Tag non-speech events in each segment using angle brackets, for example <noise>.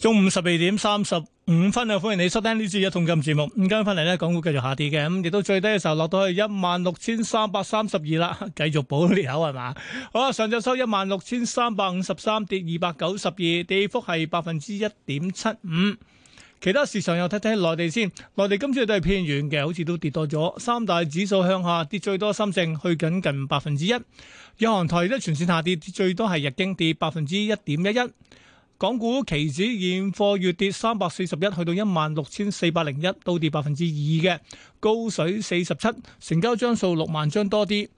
中午十二點三十五分啊，歡迎你收聽呢次一桶金節目。午間翻嚟咧，港股繼續下跌嘅，咁亦都最低嘅時候落到去一萬六千三百三十二啦， <laughs> 繼續補裂口係嘛？好啦，上晝收一萬六千三百五十三，跌二百九十二，跌幅係百分之一點七五。其他市場又睇睇內地先，內地今次都係偏軟嘅，好似都跌多咗。三大指數向下跌最多深，深證去緊近百分之一。央行台都全線下跌，最多係日經跌百分之一點一一。1. 1港股期指現貨月跌三百四十一，去到一萬六千四百零一，都跌百分之二嘅高水四十七，成交張數六萬張多啲。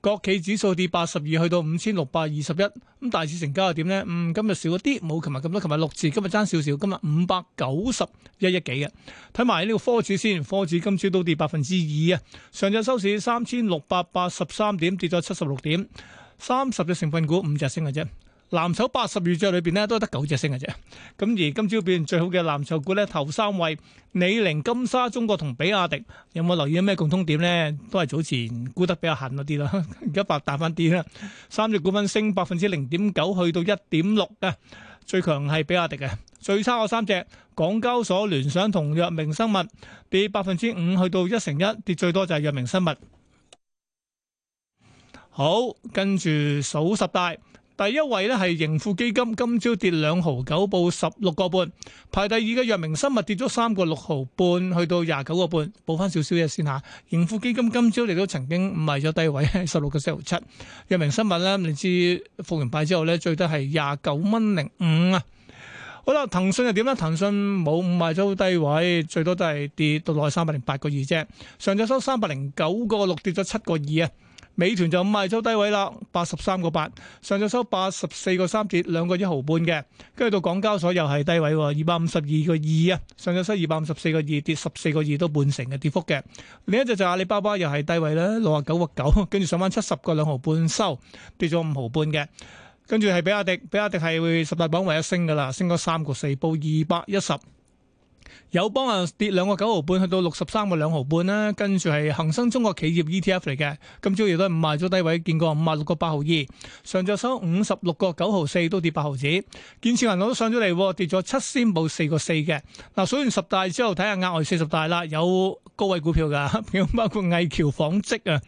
國企指數跌八十二，去到五千六百二十一。咁大市成交又點呢？嗯，今日少一啲，冇琴日咁多，琴日六字，今日爭少少，今日五百九十一億幾嘅。睇埋呢個科指先，科指今朝都跌百分之二啊。上日收市三千六百八十三點，跌咗七十六點。三十隻成分股，五隻升嘅啫。藍籌八十二隻裡邊咧，都得九隻升嘅啫。咁而今朝表現最好嘅藍籌股咧，頭三位：李寧、金沙中國同比亞迪。有冇留意有咩共通點咧？都係早前沽得比較狠嗰啲啦，而家白彈返啲啦。三隻股份升百分之零點九，去到一點六嘅。最強係比亞迪嘅，最差嗰三隻：港交所、聯想同藥明生物，跌百分之五，去到一成一，跌最多就係藥明生物。好，跟住數十大。第一位咧係盈富基金，今朝跌兩毫九，報十六個半。排第二嘅藥明生物跌咗三個六毫半，去到廿九個半，補翻少少嘢先吓。盈富基金今朝你都曾經賣咗低位，十六個七。藥明生物咧，你知復完牌之後咧，最低係廿九蚊零五啊。好啦，騰訊又點咧？騰訊冇賣咗低位，最多都係跌到落去三百零八個二啫。上日收三百零九個六，跌咗七個二啊。美團就唔係收低位啦，八十三個八，上晝收八十四個三，跌兩個一毫半嘅，跟住到港交所又係低位，二百五十二個二啊，上晝收二百五十四個二，跌十四個二都半成嘅跌幅嘅。另一隻就阿里巴巴又係低位啦，六啊九個九，跟住上翻七十個兩毫半收，跌咗五毫半嘅，跟住係比亞迪，比亞迪係會十大榜唯一升噶啦，升咗三個四，報二百一十。友邦啊，跌兩個九毫半，去到六十三個兩毫半啦。跟住係恒生中國企業 ETF 嚟嘅，今朝亦都係賣咗低位，見過五啊六個八毫二。上晝收五十六個九毫四，都跌八毫子。建設銀行都上咗嚟，跌咗七仙冇四個四嘅。嗱，數完十大之後，睇下額外四十大啦，有高位股票㗎，包括魏橋紡織啊，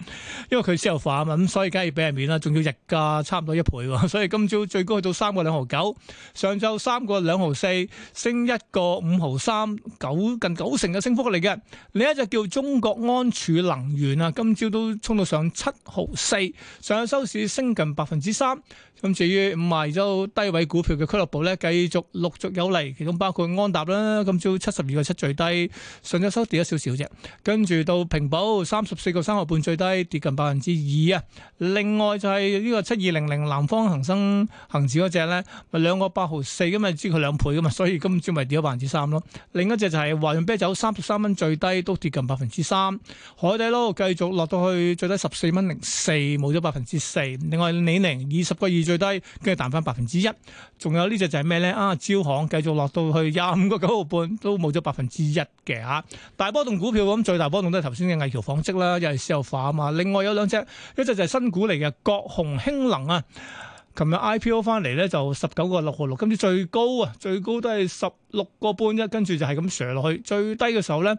因為佢私有化啊嘛，咁所以梗係要俾人面啦，仲要日價差唔多一倍喎，所以今朝最高去到三個兩毫九，上晝三個兩毫四，升一個五毫三。九近九成嘅升幅嚟嘅，另一隻叫中國安儲能源啊，今朝都衝到上七毫四，上日收市升近百分之三。咁至於買咗低位股票嘅俱樂部咧，繼續陸續有嚟，其中包括安踏啦，今朝七十二個七最低，上日收跌咗少少啫。跟住到平保三十四個三毫半最低，跌近百分之二啊。另外就係呢個七二零零南方恒生恒指嗰隻咧，咪兩個八毫四，咁咪知佢兩倍噶嘛，所以今朝咪跌咗百分之三咯。另一隻。即係華潤啤酒，三十三蚊最低都跌近百分之三，海底撈繼續落到去最低十四蚊零四，冇咗百分之四。另外李寧二十個二最低，跟住彈翻百分之一。仲有呢隻就係咩呢？啊，招行繼續落到去廿五個九毫半，都冇咗百分之一嘅吓。大波動股票咁最大波動都係頭先嘅藝橋紡織啦，又係私有化啊。另外有兩隻，一隻就係新股嚟嘅國鴻氫能啊。琴日 IPO 翻嚟咧就十九個六毫六，今朝最高啊，最高都係十六個半一，跟住就係咁瀉落去，最低嘅時候咧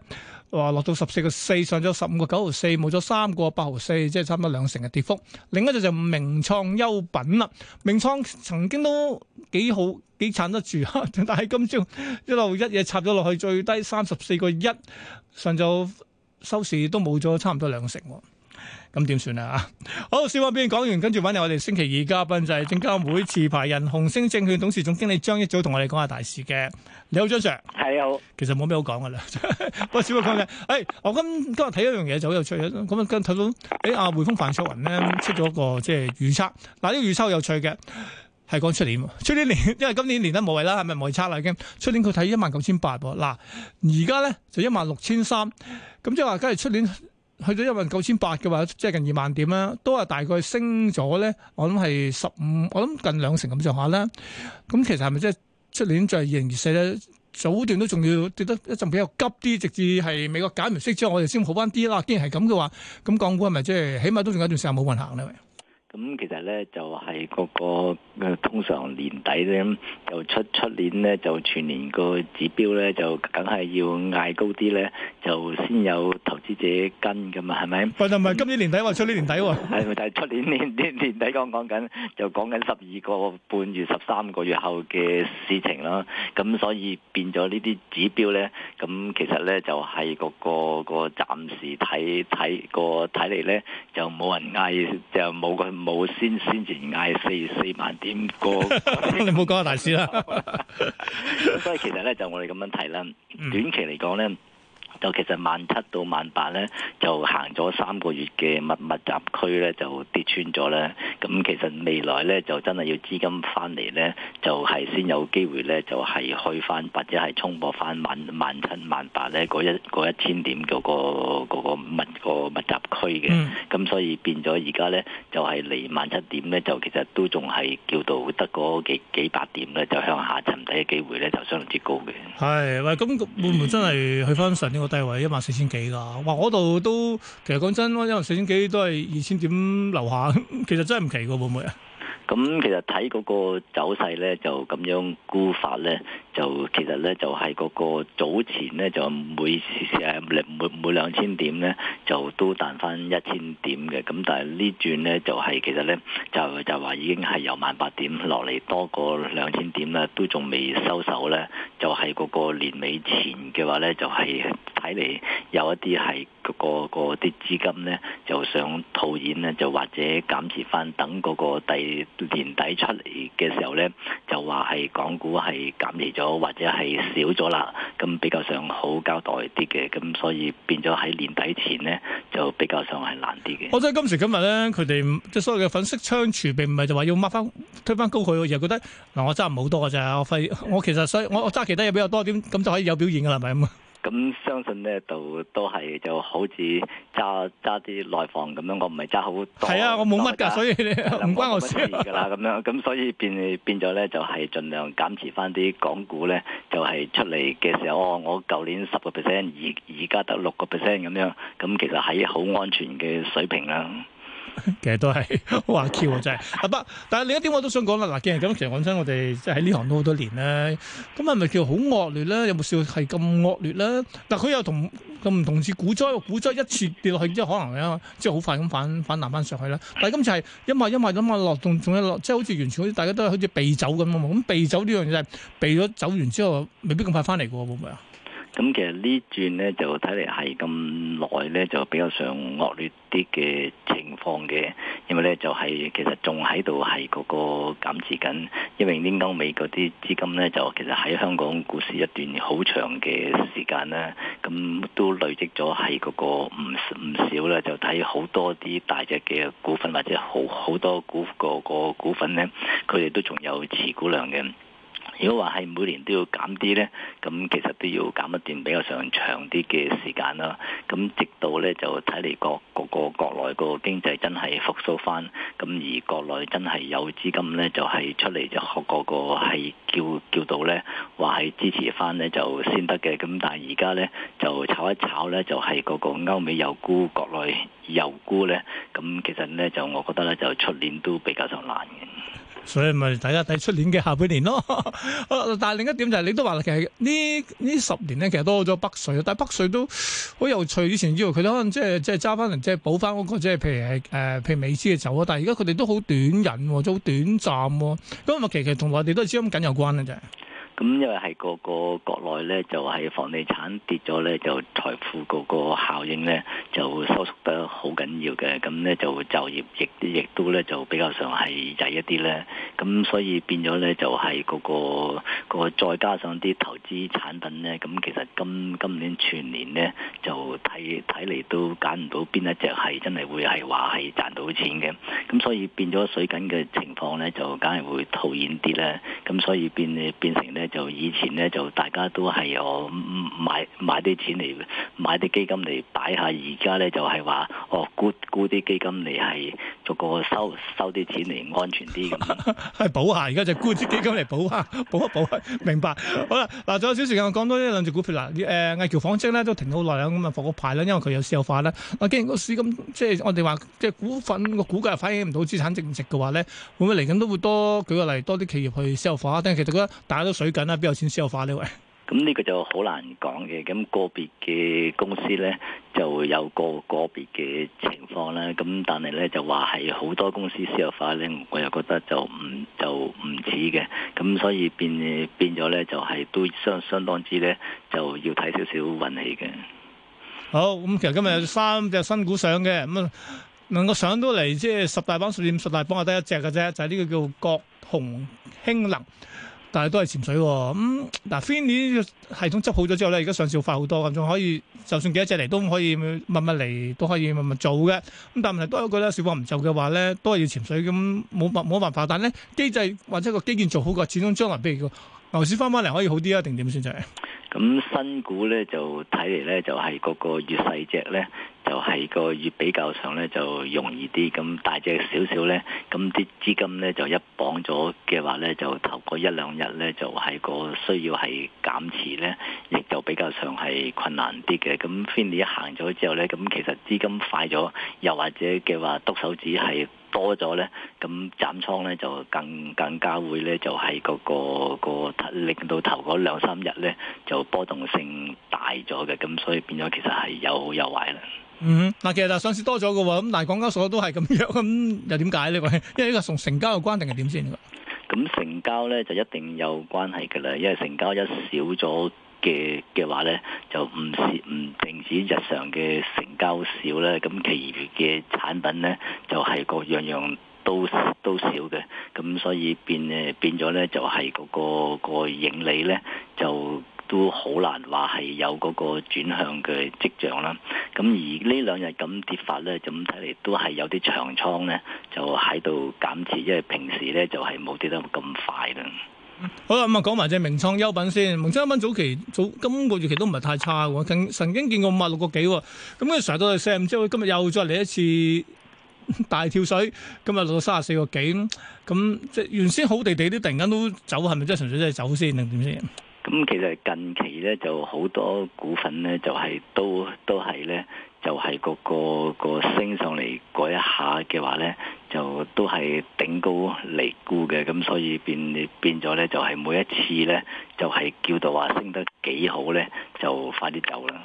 話落到十四個四，上咗十五個九毫四，冇咗三個八毫四，即係差唔多兩成嘅跌幅。另一隻就名創優品啦、啊，名創曾經都幾好幾撐得住、啊，但係今朝一路一嘢插咗落去，最低三十四個一，上咗收市都冇咗差唔多兩成喎、啊。咁點算啊？好，笑話先講完，跟住揾嚟我哋星期二嘉賓就係證監會持牌人、紅星證券董事總經理張益祖同我哋講下大市嘅。你好，張 Sir，係好，其實冇咩好講噶啦。喂， <laughs> 小波講嘅，我、哦、今今日睇一樣嘢，就好有趣咁、哎、啊，跟睇到誒，阿匯豐范卓雲咧出咗個即係預測。嗱，呢、這個預測好有趣嘅，係講出年，出年年，因為今年年息冇位啦，係咪無差啦已經。出年佢睇一萬九千八噃。嗱，而家咧就一萬六千三，咁即係話，假如出年。去到一萬九千八嘅話，即係近二萬點啦，都係大概升咗咧。我諗係十五，我諗近兩成咁上下啦。咁其實係咪即係出年就係二零二四咧，早段都仲要跌得一陣比較急啲，直至係美國解唔息之後，我哋先好返啲啦。既然係咁嘅話，咁港股係咪即係起碼都仲有一段時間冇運行咧？咁其實咧就係嗰個，通常年底咧就出出年咧就全年個指標咧就梗係要嗌高啲咧，就先有投資者跟噶嘛，係咪？唔係今年年底喎，出年年底喎，係 <laughs> 咪就係出年年年年底講講緊，就講緊十二個半月、十三個月後嘅事情啦。咁所以變咗呢啲指標咧，咁其實咧就係嗰個個暫時睇睇個睇嚟咧，就冇人嗌，就冇個。冇先先至嗌四四萬點過， <laughs> <laughs> 你唔好講啊，大師啦。所以其實咧，就我哋咁樣睇啦。短期嚟講咧。就其實萬七到萬八咧，就行咗三個月嘅密密集區咧，就跌穿咗咧。咁其實未來咧，就真係要資金翻嚟咧，就係先有機會咧，就係開翻或者係衝破翻萬萬七萬八咧，嗰一一千點嗰、嗰個密、嗰個嗰個物、嗰個密集區嘅。咁、嗯、所以變咗而家咧，就係嚟萬七點咧，就其實都仲係叫到得嗰幾，幾百點咧，就向下沉底嘅機會咧，就相當之高嘅。係，喂，咁會唔會真係去翻神低位一萬四千幾噶，哇！嗰度都，其實講真咯，一萬四千幾都係二千點樓下，其實真係唔奇噶，會唔會啊？咁其實睇嗰個走勢咧，就咁樣估法咧，就其實咧就係、是、嗰個早前咧就每次兩每每兩千點咧就都彈翻一千點嘅，咁但係呢轉咧就係、是、其實咧就就話已經係由萬八點落嚟多過兩千點啦，都仲未收手咧，就係、是、嗰個年尾前嘅話咧就係睇嚟有一啲係。個啲資金咧，就想套現咧，就或者減持翻，等嗰個第年底出嚟嘅時候咧，就話係港股係減持咗，或者係少咗啦，咁比較上好交代啲嘅，咁所以變咗喺年底前咧，就比較上係難啲嘅。我覺得今時今日咧，佢哋即係所有嘅粉飾槍儲備，並唔係就話要抹翻推翻高佢，而係覺得嗱、呃，我揸唔好多㗎咋，我費 <laughs> 我其實想我我揸其他嘢比較多啲，咁就可以有表現㗎啦，係咪咁啊？咁相信咧，就都係就好似揸揸啲內房咁樣，我唔係揸好多。係啊， <music> 我冇乜㗎，所以唔關我事㗎啦。咁 <laughs> 樣咁所以變變咗咧，就係盡量減持翻啲港股咧，就係、係、出嚟嘅時候，我我舊年十個 percent，而而家得六個 percent 咁樣，咁其實係好安全嘅水平啦。 <laughs> 其實都係話 Q，啊，真係阿伯。但係另一點我都想講啦。嗱，既然咁，其實講真，我哋即係喺呢行都好多年啦。咁係咪叫好惡劣咧？有冇笑係咁惡劣咧？但佢又同咁唔同，似股災，股災一次跌落去之後，可能咩啊？即係好快咁反反彈翻上去啦。但係今次係一咪一咪咁啊，落動仲有落，即係好似完全好似大家都係好似避走咁啊。咁避走呢樣嘢係避咗走完之後，未必咁快翻嚟噶，會唔會啊？咁其實呢轉咧就睇嚟係咁耐咧就比較上惡劣啲嘅情況嘅，因為咧就係、係、其實仲喺度係嗰個減持緊，因為啲歐美嗰啲資金咧就其實喺香港股市一段好長嘅時間啦，咁都累積咗係嗰個唔唔少啦，就睇好多啲大隻嘅股份或者好好多股個、個股份咧，佢哋都仲有持股量嘅。如果話係每年都要減啲呢，咁其實都要減一段比較上長啲嘅時間啦。咁直到呢，就睇嚟個個個國內個經濟真係復甦翻，咁而國內真係有資金呢，就係、是、出嚟就學個個係叫叫到呢話係支持翻呢，就先得嘅。咁但係而家呢，就炒一炒呢，就係、是、個個歐美油股，國內油股呢。咁其實呢，就我覺得呢，就出年都比較上難嘅。所以咪睇一睇出年嘅下半年咯。 <laughs> 但係另一點就係你都話啦，其實呢呢十年咧，其實多咗北水，但係北水都好有趣。以前知道佢哋可能即係即係揸翻嚟，即係補翻嗰個，即係譬如誒譬如美資嘅走啊。但係而家佢哋都好短癮，都好短暫。咁啊，其實同我哋都係資金緊有關嘅啫。咁因為係個個國內咧，就係房地產跌咗咧，就財富個個效應咧就收縮得好緊要嘅。咁咧就就業亦亦都咧就比較上係曳一啲咧。咁所以變咗咧就係個個個再加上啲投資產品咧，咁其實今今年全年咧就睇睇嚟，都揀唔到邊一隻係真係會係話係賺到錢嘅。咁所以變咗水緊嘅情況咧，就梗係會套現啲咧。咁所以變變成咧。就以前咧，就大家都係有買買啲錢嚟買啲基金嚟擺下，而家咧就係、是、話：哦，沽沽啲基金嚟係。逐個收收啲錢嚟安全啲咁，係保 <laughs> 下。而家就係股資基金嚟保下，保 <laughs> 一保下，下。明白。好啦，嗱，仲有少時間，我講多啲兩隻股票啦。誒、呃，魏橋房精魏橋紡織咧都停好耐啦，咁啊放個牌啦，因為佢有私有化啦。啊，既然個市咁，即係我哋話，即係股份個估價反映唔到資產價值嘅話咧，會唔會嚟緊都會多？舉個例，多啲企業去私有化咧。啊、定係其實覺得大家都水緊啦，邊有錢私有化呢位？咁呢個就好難講嘅，咁、那個別嘅公司呢，就有個個別嘅情況啦，咁但係呢，就話係好多公司私有化呢，我又覺得就唔就唔似嘅，咁所以變變咗呢，就係都相相當之呢，就要睇少少運氣嘅。好，咁、嗯、其實今日有三隻新股上嘅，咁、嗯、啊，我、嗯、能夠上到嚟即係十大榜、十五十大榜，得一隻㗎啫，就係、是、呢個叫國宏興能。但係都係潛水喎。咁、嗯、嗱 FINI 系統，執好咗之後咧，而家上市要快好多咁，仲可以就算幾多隻嚟都唔可以密密嚟都可以密密做嘅。咁但係都係一個咧，小夥唔就嘅話咧，都係要潛水咁，冇冇辦法。但咧機制或者個基建做好過，始終將來譬如牛市翻翻嚟可以好啲啊，定點先就係？咁新股咧就睇嚟咧就係、是、嗰個越細隻咧。就係個月比較上咧，就容易啲。咁大隻少少咧，咁啲資金咧就一綁咗嘅話咧，就頭嗰一兩日咧就係、是、個需要係減持咧，亦就比較上係困難啲嘅。咁 Fanny 一行咗之後咧，咁其實資金快咗，又或者嘅話篤手指係多咗咧，咁斬倉咧就更更加會咧就係、是、嗰、那個、那個、那個、令到頭嗰兩三日咧就波動性大咗嘅，咁所以變咗其實係有好有壞啦。嗯，嗱，其實嗱，上市多咗嘅喎，咁但係港交所都係咁樣，咁又點解咧？喂，因為呢個同成交嘅關定係點先？咁成交咧就一定有關係嘅啦，因為成交一少咗嘅嘅話咧，就唔是唔淨止日常嘅成交少咧，咁其餘嘅產品咧就係個樣樣都都少嘅，咁所以變誒變咗咧就係嗰個個盈利咧就。都好難話係有嗰個轉向嘅跡象啦。咁而呢兩日咁跌法咧，咁睇嚟都係有啲長倉咧，就喺度減持，因為平時咧就係、係、冇跌得咁快啦，嗯。好啦，咁啊講埋隻名創優品先。名創優品早期早今個月期都唔係太差嘅，曾經見過五啊六個幾，咁佢成日都係四啊五之後，今日又再嚟一次大跳水，今日落到三啊四個幾咁。即係原先好地地啲，突然間都走，係咪真係純粹真係走先定點先？咁其實近期咧就好多股份咧，就係都都係咧，就係個個升上嚟嗰一下嘅話咧，就都係頂高嚟沽嘅，咁所以變變咗咧，就係每一次咧，就係叫做話升得幾好咧，就快啲走啦，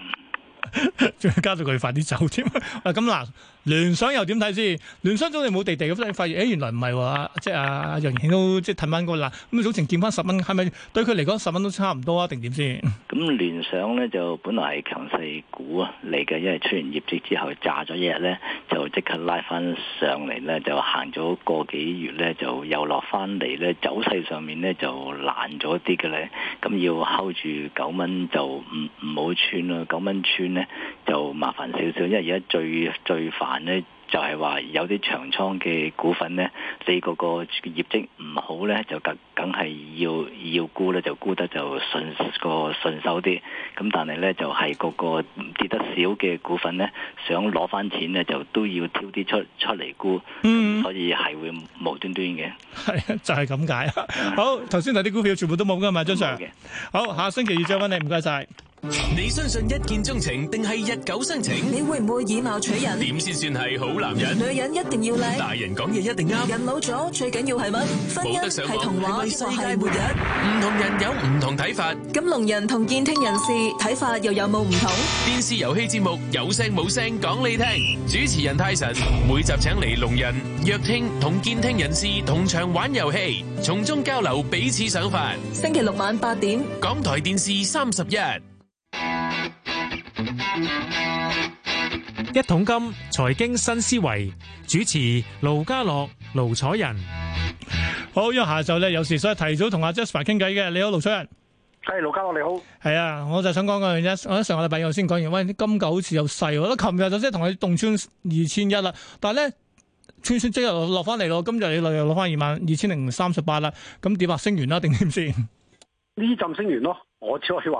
仲 <laughs> 要加到佢快啲走添 <laughs> 啊！咁嗱。聯想又點睇先？聯想總係冇地地咁，你發現、欸、原來唔係喎，即係阿楊延都即係騰翻個難咁，早前見翻十蚊係咪對佢嚟講十蚊都差唔多啊？定點先？咁聯想咧就本來係強勢股啊嚟嘅，因為出完業績之後炸咗一日咧，就即刻拉翻上嚟咧，就行咗個幾月咧就又落翻嚟咧，走勢上面咧就難咗啲嘅咧，咁要 hold 住九蚊就唔唔好穿咯，九蚊穿咧就麻煩少少，因為而家最最煩。但就係話有啲長倉嘅股份呢,你嗰個業績唔好呢，就更梗係要要沽呢，就沽得就順個順手啲。咁但係呢，就係嗰個跌得少嘅股份呢，想攞翻錢呢，就都要挑啲出出嚟沽，嗯，所以係會無端端嘅。係， <laughs> 就係咁解。好，頭先嗰啲股票全部都冇噶嘛，張生。好，下星期二將翻你，唔該晒。你相信一見鍾情定係日久生情？你會唔會以貌取人？點先算係好男人？女人一定要靚，大人講嘢一定啱。人老咗最緊要係乜？婚姻係童話都係世界末日。唔同人有唔同睇法。咁聾人同健聽人士睇法又有冇唔同？電視遊戲節目有聲冇聲講你聽。主持人泰臣每集請嚟聾人、弱聽同健聽人士同場玩遊戲，從中交流彼此想法。星期六晚八點，港台電視三十一。一桶金財經新思維，主持盧家樂、盧彩仁， <laughs> 好，因為下晝咧有時所以提早同阿 Jasper 傾偈嘅，你好盧彩仁。係盧家樂你好，係啊，我就想講嗰樣嘢，我喺上個禮拜我先講完，啲金狗好似又細，我諗琴日就即係同佢凍穿二千一啦，但係咧，穿穿即日落翻嚟咯，今日又落翻二萬二千零三十八啦，咁點啊？升完啦定點先？呢陣 <laughs> 升完咯，我只可以話